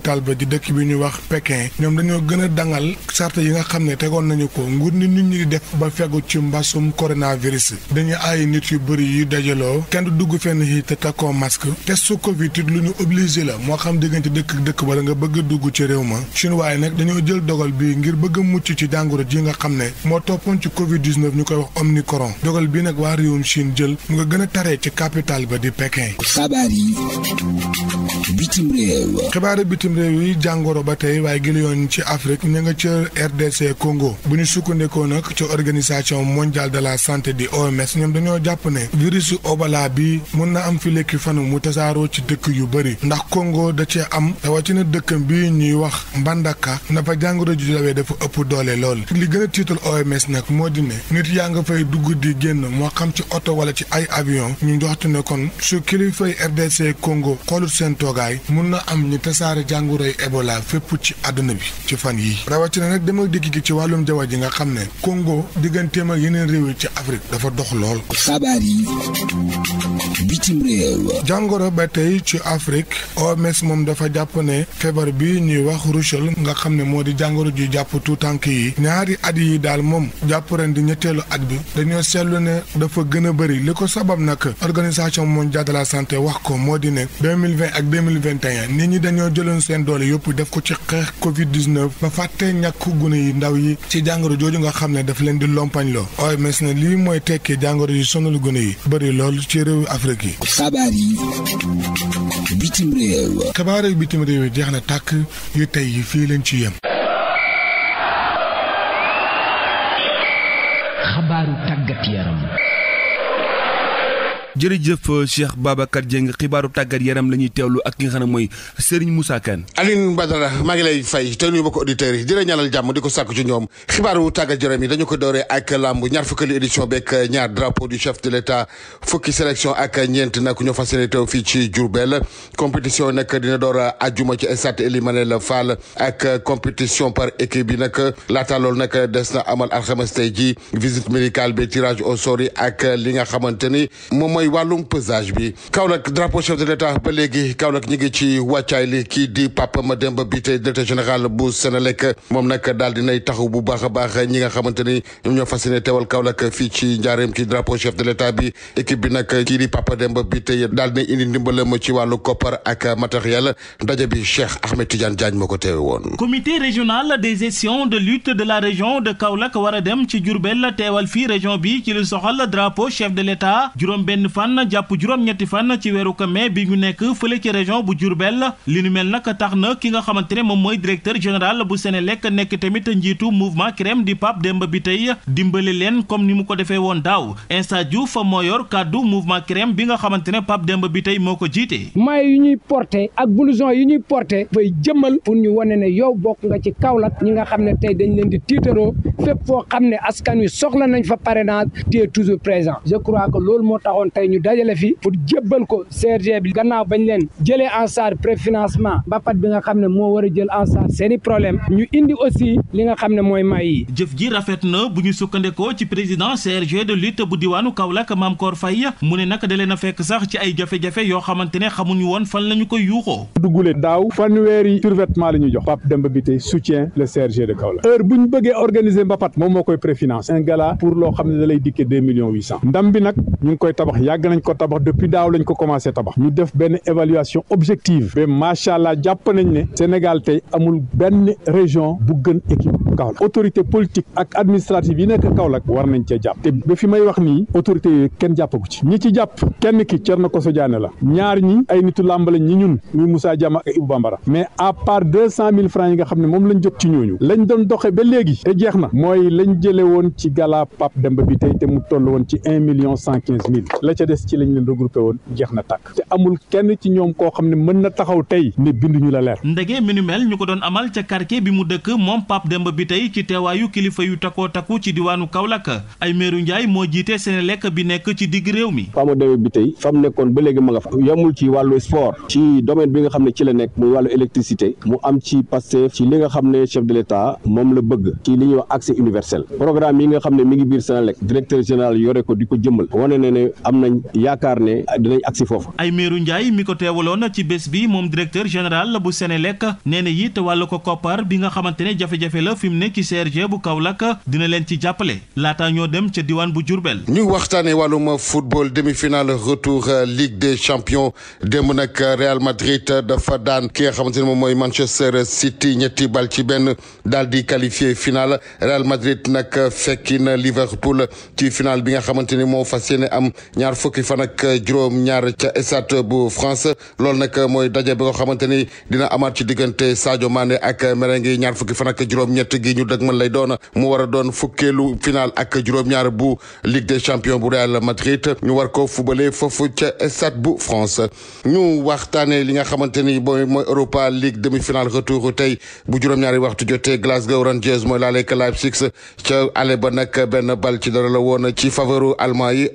capital ba di dëkk bi ñu wax Pékin ñoom dañoo gën a dangal charte yi nga xam ne tegoon nañu ko nguur ni nit ñi di def ba fegu ci mbasum coronavirus dañu ay nit yu bëri yi dajaloo kenn dugg fenn yi te takkoo masque testu Covid it lu ñu obligé la moo xam diggante dëkk dëkk wala nga bëgg dugg ci réew ma chinois yi nag dañoo jël dogal bi ngir bëgg mucc ci jàngoro ji nga xam ne moo toppoon ci Covid ñu koy wax omicron dogal bi nag waa réewum Chine jël mu nga gën a taree capital ba di Pékin. xabaar bitim réew yi jàngoro ba tey waaye giliyoon ci Afrique ña nga ca RDC bu ñu sukkandikoo nag ci organisation mondiale de la santé di OMS ñoom dañoo jàpp ne virusu Ebola bi mën na am fi lekki fanu mu tasaaroo ci dëkk yu bëri ndax Congo da cee am ci rawatina dëkkam bi ñuy wax Mbandaka na fa jàngoro ji dawee dafa ëpp doole lool li gën a tiital OMS nag moo di ne nit yaa nga fay dugg di génn moo xam ci oto wala ci ay avion ñu njoxtu ne kon su kilifay RDC Congo xoolut seen jàngoroy Ebola fépp ci àdduna bi ci fan yi rawatina nag dama dégg gi ci wàllum jaww ji nga xam ne Congo digganteem ak yeneen réew yi ci Afrique dafa dox lool. xabaar yi bitim jàngoro ba tey ci Afrique OMS moom dafa jàpp ne feebar bi ñuy wax rougeole nga xam ne moo di jàngoro ji jàpp tout tànk yi ñaari at yi daal moom jàpp ren di ñetteelu at bi dañoo seetlu ne dafa gën a bëri li ko sabab nag organisation mondiale de santé wax ko moo di ne 2020 ak 2021 nit ñi dañoo jëloon jëloon seen doole yëpp def ko ci xeex Covid 19 ba fàtte ñàkk gune yi ndaw yi ci jàngoro jooju nga xam ne daf leen di lompañ loo OMS ne lii mooy tekkee jàngoro yi sonalu gune yi bari lool ci réewu Afrique yi. xabaar yi bitim réew. yi jeex na tàkk yu tey yi fii leen ci yem. xabaaru tàggat jërëjëf euh, Cheikh Babacar Dieng xibaaru tàggat yaram la ñuy teewlu ak ki nga xam ne mooy Serigne Moussa Kane. Aline Badara maa ngi lay fay te nuyu mbokki auditeurs yi di la ñaanal jàmm di ko sàkku ci ñoom xibaaru tàggat yaram yi dañu ko dooree ak làmb ñaar fukkali édition beeg ñaar drapeau du chef de l' état fukki sélection ak ñeent nag ñoo fas teew fii ci Diourbel compétition nag dina door a àjjuma ci stade Elimanel Fall ak compétition par équipe bi nag laata loolu nag des na amal alxames tey ji visite médicale bi tirage au sort li nga xamante ni mooy wàllum pesage bi Kaolack drapeau chef de l'état ba léegi Kaolack ñu ci wàccaay li kii di Papa Mademba bi tey directeur général bu Senelec moom nag daal dinay taxaw bu baax a baax ñi nga xamante ñoom ñoo fas yéene teewal Kaolack fii ci njaareem ci drapeau chef de l'état bi équipe bi nag kii di Papa Demba bi tey daal dina indi ndimbalam ci wàllu koppar ak matériel ndaje bi Cheikh Ahmed Tidiane Diagne moo ko teewe woon comité régional de lutte la région de Kaolack war a bi fan jàpp juróom-ñetti fan ci weeru ko mai bi ñu nekk fële ci région bu Diourbel li nu mel nag tax na ki nga xamante ne moom mooy directeur général bu Senelec nekk tamit njiitu mouvement CREM di Pape Demba bi tey dimbali leen comme ni mu ko defee woon daaw Insa Diouf moo yor kàddu mouvement CREM bi nga xamante ne Pape Demba bi tey moo ko jiite. maay yu ñuy porté ak blouson yu ñuy porté fay jëmmal pour ñu wone ne yow bokk nga ci Kaolack ñi nga xam ne tey dañ leen di tiitaroo fépp foo xam ne askan wi soxla nañ fa parrainage te toujours présent je tey ñu dajale fi pour jébbal ko CRG bi gannaaw bañ leen jëlee en charge préfinancement mbapat bi nga xam ne moo war a jël en seeni problème ñu indi aussi li nga xam ne mooy may yi jëf ji rafet na bu ñu sukkandekoo ci président CRG de lutte bu diwaanu Kaolack Maam fay Faye mu ne nag da leen a fekk sax ci ay jafe-jafe yoo xamante ne xamuñu woon fan la ñu koy yuuxoo duggule daaw fanweeri survêtement la ñu jox Pape Demba Biteye soutient le CRG de Kaolack heure bu ñu bëggee organiser mbapat moom moo koy préfinance un gala loo xam ne da lay dikkee deux millions huit ndam bi nag ñu ngi koy tabax yàgg nañ ko tabax depuis daaw lañ ko commencé tabax ñu def benn évaluation objective ba macha allah jàpp nañ ne Sénégal tey amul benn région bu gën équipe Kaolack autorité politique ak administrative yi nekk kaw Kaolack war nañ cee jàpp te ba fi may wax nii autorité yooyu kenn jàppagu ci ñi ci jàpp kenn ki Thierno Kosso Diané la ñaar ñi ay nitu làmb lañ ñi ñun muy Moussa Diama ak Ibou Bambara mais à part deux cent mille francs yi nga xam ne moom lañ jot ci ñooñu lañ doon doxe ba léegi te jeex na mooy lañ jële woon ci gala Pape Demba bi tey te mu toll woon ci un million cent quinze ca des ci lañ leen regroupé woon jeex na tàkk te amul kenn ci ñoom koo xam ne mën na taxaw tey ne binduñu la leer ndege mi nu ñu ko doon amal ca quartier bi mu dëkk moom Pape Demba bi tey ci teewaayu kilifa yu takkoo takku ci diwaanu Kaolack ay meeru Ndiaye moo jiite seen lekk bi nekk ci diggu réew mi Pape Demba bi tey fa mu nekkoon ba léegi ma nga fa yemul ci wàllu sport ci domaine bi nga xam ne ci la nekk muy wàllu électricité mu am ci Pastef ci li nga xam ne chef de l'État moom la bëgg ci li ñuy wax accès universel programme yi nga xam ne mi ngi biir Senelec directeur général yore ko di ko jëmmal wane ne ne am na nañ yaakaar ne dinañ agsi foofu. Aymerou Ndiaye mi ko teewaloon ci bés bi moom directeur général bu Senelec nee na it wàllu ko koppar bi nga xamante ne jafe-jafe la fi mu ne ci CRG bu Kaolack dina leen ci jàppale laata ñoo dem ca diwaan bu Diourbel. ñu waxtaanee wàllum football demi-finale retour Ligue des champions démb nag Real Madrid dafa daan ki nga xamante ne moom mooy Manchester City ñetti bal ci benn daal di qualifié final Real Madrid nag fekki na Liverpool ci final bi nga xamante ne moo fas yéene am fukki fan ak juróom-ñaar ca stade bu France loolu nag mooy daje bi nga xamante ni dina amaat ci diggante Sadio Mané ak merengue ñaar fukki fa nak juróom-ñett gi ñu dëgg man lay doon mu war a doon fukkeelu final ak juróom-ñaar bu Ligue des champions bu Real Madrid ñu war ko fubale foofu ca stade bu France. ñu waxtaanee li nga xamante ni mooy mooy Europa League demi-finale retour tey bu juróom-ñaari waxtu jotee Glasgow Rangers mooy laaleeg Leipzig ca ale ba nag benn bal ci dara la woon ci faveur allemand yi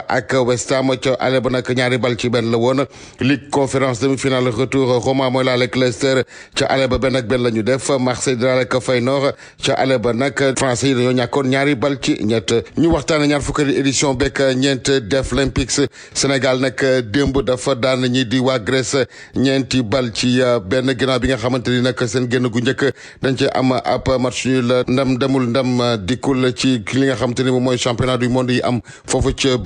ak West Ham ca ale ba nag ñaari bal ci benn la woon Ligue conférence demi-finale retour Roma mooy laal ak Leicester ca ale ba benn ak benn la ñu def Marseille dina ak Feyenoord ca ale ba nag français yi dañoo ñàkkoon ñaari bal ci ñett ñu waxtaane ñaar fukki édition bekk ñeent def Olympics Sénégal nag démb dafa daan ñi di waa ñeenti bal ci euh, benn ginnaaw bi nga xamante ni nag seen génn gu njëkk dañ ci am ab match nul ndam demul ndam euh, dikkul ci li nga xamante ni moom mooy championnat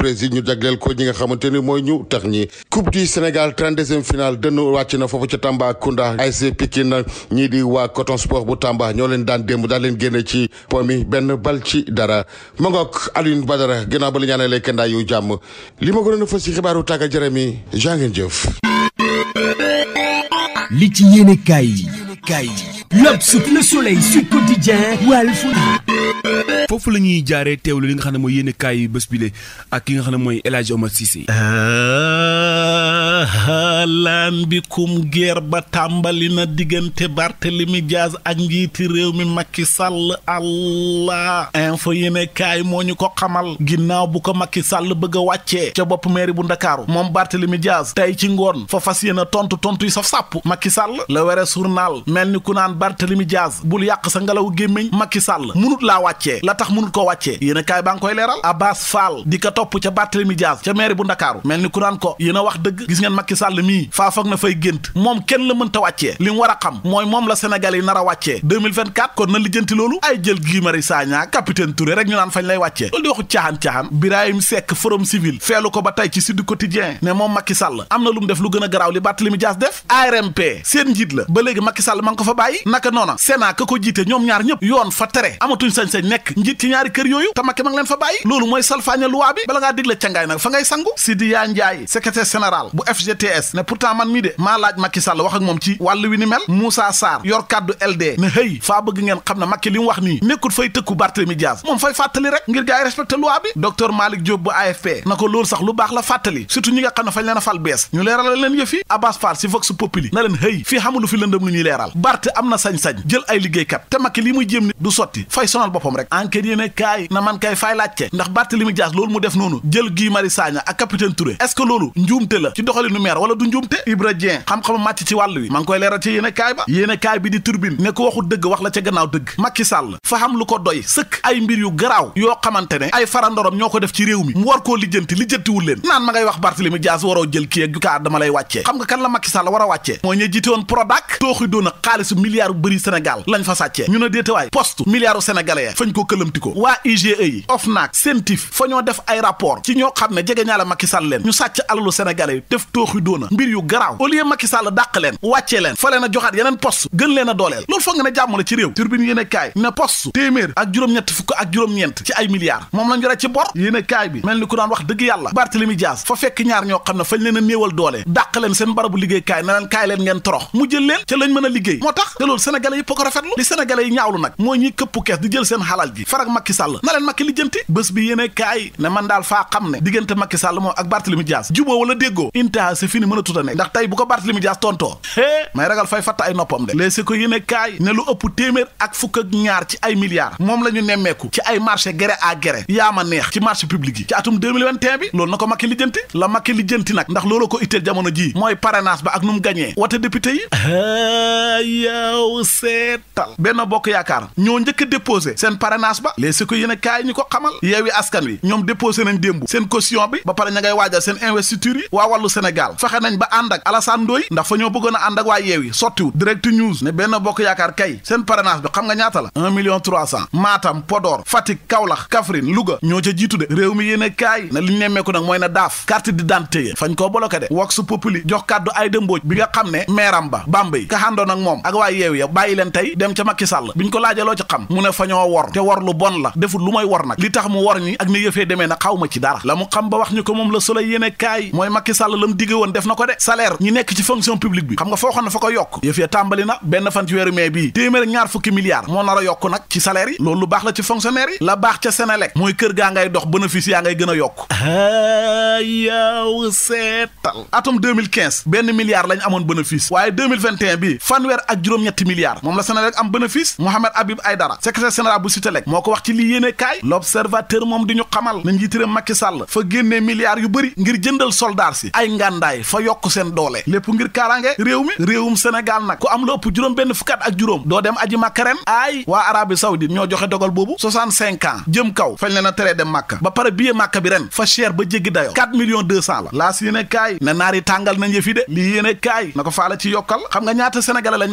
Brésil ñu jagleel ko ñi nga xamante ni mooy ñu tax ñi coupe du Sénégal trente-deuxième finale dënn wàcc na foofu ca Tambacounda ASC Pikine ñii di waa Coton Sport bu Tamba ñoo leen daan démb daal leen génne ci po mi benn bal ci dara ma ngoog Alioune Badara gannaaw ba la ñaanee lekk ndaa yu jàmm li ma gënoon a fës ci xibaaru tàggat yaram yi jaa ngeen jëf li ci yéene kaay yi kaay yi L'Obs, Le Soleil, Sud Quotidien, Walf foofu la ñuy jaaree teewlu li nga xam ne mooy yéen kaay yi bés bile ak ki nga xam ne mooy El Hadj si Cissé. halaan ba tàmbali na diggante Barthélemy Diaz ak njiiti réew mi Macky Sall allah info yéene kaay moo ñu ko xamal ginnaaw bu ko makki Sall bëgg a wàccee ca bopp mairie bu Ndakaaru moom Barthélemy Diaz tey ci ngoon fa fas yéen tontu tontu yi saf sàpp Macky Sall la were journal mel ni ku naan Barthélemy Diaz bul yàq sa ngelaw gémmiñ Macky Sall mënut laa wàccee la tax mënut ko wàccee yéen a leeral Abbas Fall di ko topp ca Barthélemy Diaz ca maire bu Ndakaaru mel ni ku naan ko yéen wax dëgg gis ngeen Macky Sall mii faa foog na fay gént moom kenn la mënta wàccee li mooy moom la Sénégal yi nar a wàccee kon na lijjanti loolu ay jël Guy Marius Sagna capitaine rek ñu naan fañ lay wàccee loolu di waxu caaxaan-caaxaan Birahim Seck forum civil feelu ko ba tey ci Sud Quotidien ne moom Macky Sall suñ sañ-sañ nekk njiit ci ñaari kër yooyu te Macky ma ngi leen fa bàyyi loolu mooy salfaañe luwaa bi bala ngaa digle cangaay nag fa ngay sangu Sidiya Ndiaye secrétaire général bu FGTS ne pourtant man mii de maa laaj Macky Sall wax moom ci wàll wi ni mel Moussa Sarr yor kaddu LD ne hëy faa bëgg ngeen xam ne Macky li wax nii nekkut fay tëkku Barthélemy Diaz moom fay fàttali rek ngir gaa yi respecté loi bi docteur Malick Diop bu AFP na ko loolu sax lu la fàttali surtout ñi nga xam sonal boppam rek enquête yéene kaay na man kay fay laajte ndax Barthélemy Dias loolu mu def noonu jël Guy Marius Sagna ak capitaine Touré est loolu njuumte la ci doxalinu maire wala du njuumte Ibra Dieng xam-xamu ci wàll wi ma ngi koy leeral ci yéene kaay ba yéene kaay bi di turbine ne ko waxu dëgg wax la ca gannaaw dëgg Macky fa xam lu ko doy sëkk ay mbir garaaw yoo xamante ne ay farandorom ñoo ko def ci réew mi mu war koo lijjanti lijjantiwul leen naan sénégalais ya fañ ko këlëmti ko waa e ñoo def ay rapport ci ñoo xam ne jege ñaa la ñu sàcc alalu sénégalais yi def tooxi doona mbir yu garaaw au lieu Macky Sall dàq leen wàccee leen a joxaat yeneen poste gën leen dooleel loolu foog nga ne ci réew turbine yéen kaay ne téeméer ak juróom-ñett fukk ak juróom-ñeent ci ay milliards moom lañ yore ci bor yéen bi mel ni ku daan wax dëgg yàlla Barthélemy Dias fa fekk ñaar ñoo xam ne fañ leen a di jël seen xalal ji farak Macky Sall na leen Macky lijjanti bés bi yéene kaay ne man daal faa xam ne diggante Macky Sall moom ak Barthélemy Dias juboo wala déggoo intaha c'est mën a tuta nekk ndax tey bu ko Barthélemy tontoo hé may ragal fay fatt ay noppam de léeg si ko ne lu ëpp téeméer ak fukk ñaar ci ay milliards moom la ñu nemmeeku ci ay marché gré à gré yaa neex ci marché public yi ci atum 2021 bi loolu na ko Macky lijjanti la Macky lijjanti nag ndax loolu ko itteel ba ak nu déposé seen parrainage ba léeg si ko yéen a kaay ñu ko xamal yeewi askan wi ñoom déposé nañ démbu seen caution bi ba pare ña ngay waajal seen investiture yi waa wàllu Sénégal fexe nañ ba ànd ak ndax fa ñoo bëggoon a ànd ak waa yeewi sottiwut direct news ne benn bokk yaakaar kay seen parrainage bi xam nga ñaata la un million trois cent Matam Podor Fatick Kaolack Kaffrine jiitu de réew mi yéen a kaay na li ñu nemmeeku nag mooy na daaf carte d'identité yi fañ koo bi nga xam ne meeram ba Bambey ka xàndoon ak moom ak waa yeewi ya bàyyi leen ko laajaloo ci xam mu ñoo wor te wor lu bon la deful lu may wor nag li tax mu wor ñi ak ni yëfee demee na xaw ma ci dara la mu xam ba wax ñu ko moom la Soleil yéene kaay mooy Macky Sall la mu digge woon def na ko de salaire ñi nekk ci fonction publique bi xam nga foo xam ne fa ko yokk yëf ya tàmbali na benn fan ci weeru mai bii téeméer ñaar fukki milliards moo nar a yokk nag ci salaire yi loolu lu baax la ci fonctionnaire yi la baax ca Senelec mooy kër gaa ngay dox bénéfice a yokk yow seetal benn milliard lañ amoon bénéfice waaye 2021 bi fanweer ak juróom-ñetti milliards am bénéfice général bu Sutelec moo ko wax ci lii yéene kaay l'observateur moom di ñu xamal na njiitiram Macky Sall fa génnee milliards yu bëri ngir jëndal soldaar si ay ngàndaay fa yokk seen doole lépp ngir kaaraange réew mi réewum Sénégal nag ku am lu ëpp juróom benn fukkat ak juróom doo dem aji Makka ren aay waa Arabie Saoudite ñoo joxe dogal boobu 65 ans jëm kaw fañ leen a teree dem Makka ba pare billet Makka bi ren fa cher ba jéggi dayo 4 millions 200 la laas yéene kaay kaay na ko faala ci yokkal xam nga ñaata sénégalais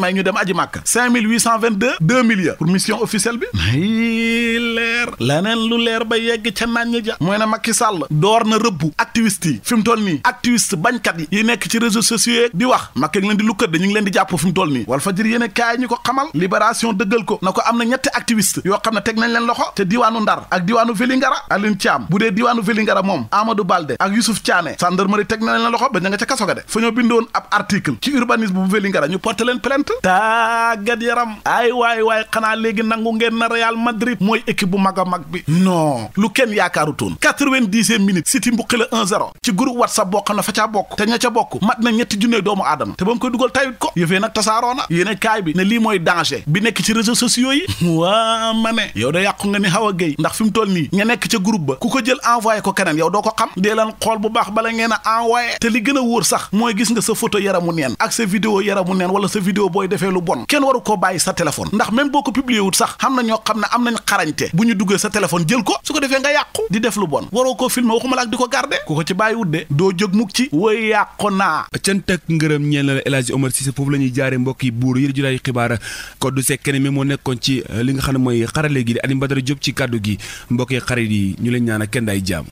leer leneen lu leer ba yegg ca naññ ja mooy ne Macky Sall door na rëbbu activiste yi fi mu toll nii activiste bañkat yi yi nekk ci réseaux sociaux di wax Macky ngi leen di lukkat dañu ngi leen di jàpp fi mu toll nii Walfadjri yéen kaay ñu ko xamal libération dëggal ko na ko am na ñetti activiste yoo xam ne teg nañ leen loxo te diwaanu Ndar ak diwaanu Vélingara Alioune Thiam bu dee diwaanu Vélingara moom Amadou Balde ak Youssouf Thiané gendarmerie teg nañ leen loxo ba ña nga ca kaso ga de fa ñoo bindoon ab article ci urbanisme bu Vélingara ñu porté leen plainte tàggat yaram ay waay waay xanaa léegi nangu na Real Madrid mooy équipe bu mag a mag bi non lu kenn yaakaarutoon quatre-vingt-dixième minute City mbuqi la 1 ci groupe WhatsApp boo xam ne fa bokk te ña bokk mat na ñetti junne doomu aadama te ba koy dugal tayit ko yëfee nag tasaaroona yéene kaay bi ne lii mooy danger bi nekk ci réseaux sociaux yi waa ma ne yàqu nga ni xaw a géy ndax fi mu nii ña nekk ca groupe ba ku ko jël envoyé ko keneen yow doo ko xam dee leen xool bu baax bala ngeen a envoyé te li gën a wóor sax mooy gis nga sa photo yaramu neen ko publié wut ñoo xam ne am nañ xarañte bu ñu duggee sa téléphone jël ko su ko defee nga yàqu di def lu bon waroo ko filmer waxuma la di ko garder ku ko ci bàyyi wudde doo jóg mukk ci woy yàqu naa cant ak ngërëm ñeen la El Hadji Omar foofu la ñuy jaare mbokk yi buur yi jotaayu xibaar ko du sekkene mi moo nekkoon ci euh, li nga xam ne mooy xarale gi di Alioune Badara Diop ci kàddu gi mbokk yi xarit yi ñu leen ñaan a kenn daay jaam